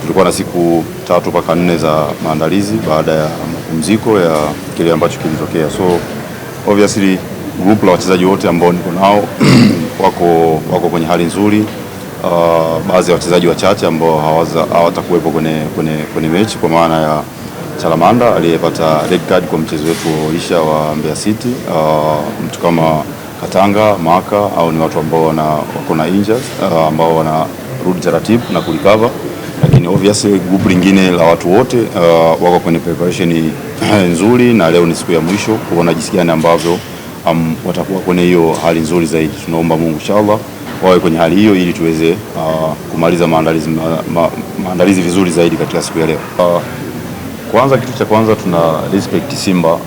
Tulikuwa na siku tatu mpaka nne za maandalizi baada ya mapumziko ya kile ambacho kilitokea. So obviously group la wachezaji wote ambao niko nao wako, wako kwenye hali nzuri. Uh, baadhi ya wachezaji wachache ambao hawatakuwepo kwenye, kwenye, kwenye mechi kwa maana ya Chalamanda aliyepata red card kwa mchezo wetu waisha wa Mbeya City. Uh, mtu kama Katanga Maka au ni watu ambao wako na injuries uh, ambao wanarudi taratibu na kulikava obviously group lingine la watu wote uh, wako kwenye preparation nzuri, na leo ni siku ya mwisho kuona jinsi gani ambavyo um, watakuwa kwenye hiyo hali nzuri zaidi. Tunaomba Mungu inshallah wawe kwenye hali hiyo ili tuweze uh, kumaliza maandalizi, ma, ma, maandalizi vizuri zaidi katika siku ya leo uh, kwanza, kitu cha kwanza tuna respect Simba uh,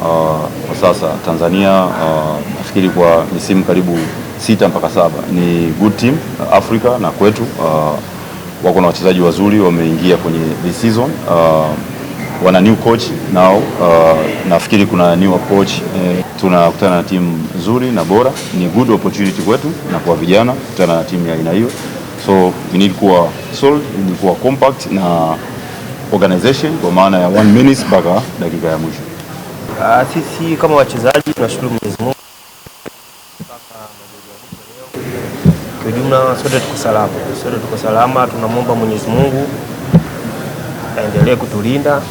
kwa sasa Tanzania uh, nafikiri kwa misimu karibu sita mpaka saba ni good team uh, Afrika na kwetu uh, wako na wachezaji wazuri wameingia kwenye this season uh, wana new coach now uh, nafikiri kuna new approach eh, tunakutana na timu nzuri na bora, ni good opportunity kwetu na kwa vijana kutana na timu ya aina hiyo, so we need kuwa solid, we kuwa compact na organization kwa maana ya one minutes mpaka dakika ya mwisho. Uh, sisi kama wachezaji tunashukuru Mwenyezi Mungu Kiujumla sote tuko salama, sote tuko salama. Tunamwomba Mwenyezi Mungu aendelee kutulinda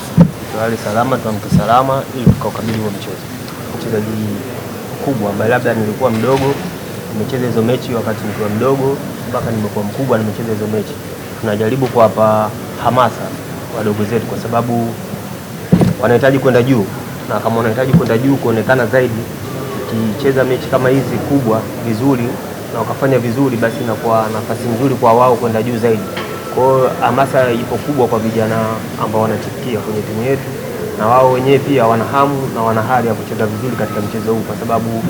tulale salama, tuamke salama, ili tukaukabili huo mchezo. Mchezaji mkubwa ambaye labda nilikuwa mdogo, nimecheza hizo mechi wakati nikiwa mdogo mpaka nimekuwa mkubwa, nimecheza hizo mechi. Tunajaribu kuwapa hamasa wadogo zetu, kwa sababu wanahitaji kwenda juu, na kama wanahitaji kwenda juu kuonekana zaidi, ukicheza mechi kama hizi kubwa vizuri na wakafanya vizuri, basi inakuwa nafasi nzuri kwa wao kwenda juu zaidi. Kwa hiyo hamasa ipo kubwa kwa vijana ambao wanachipukia kwenye timu yetu, na wao wenyewe pia wana hamu na wana hali ya kucheza vizuri katika mchezo huu, kwa sababu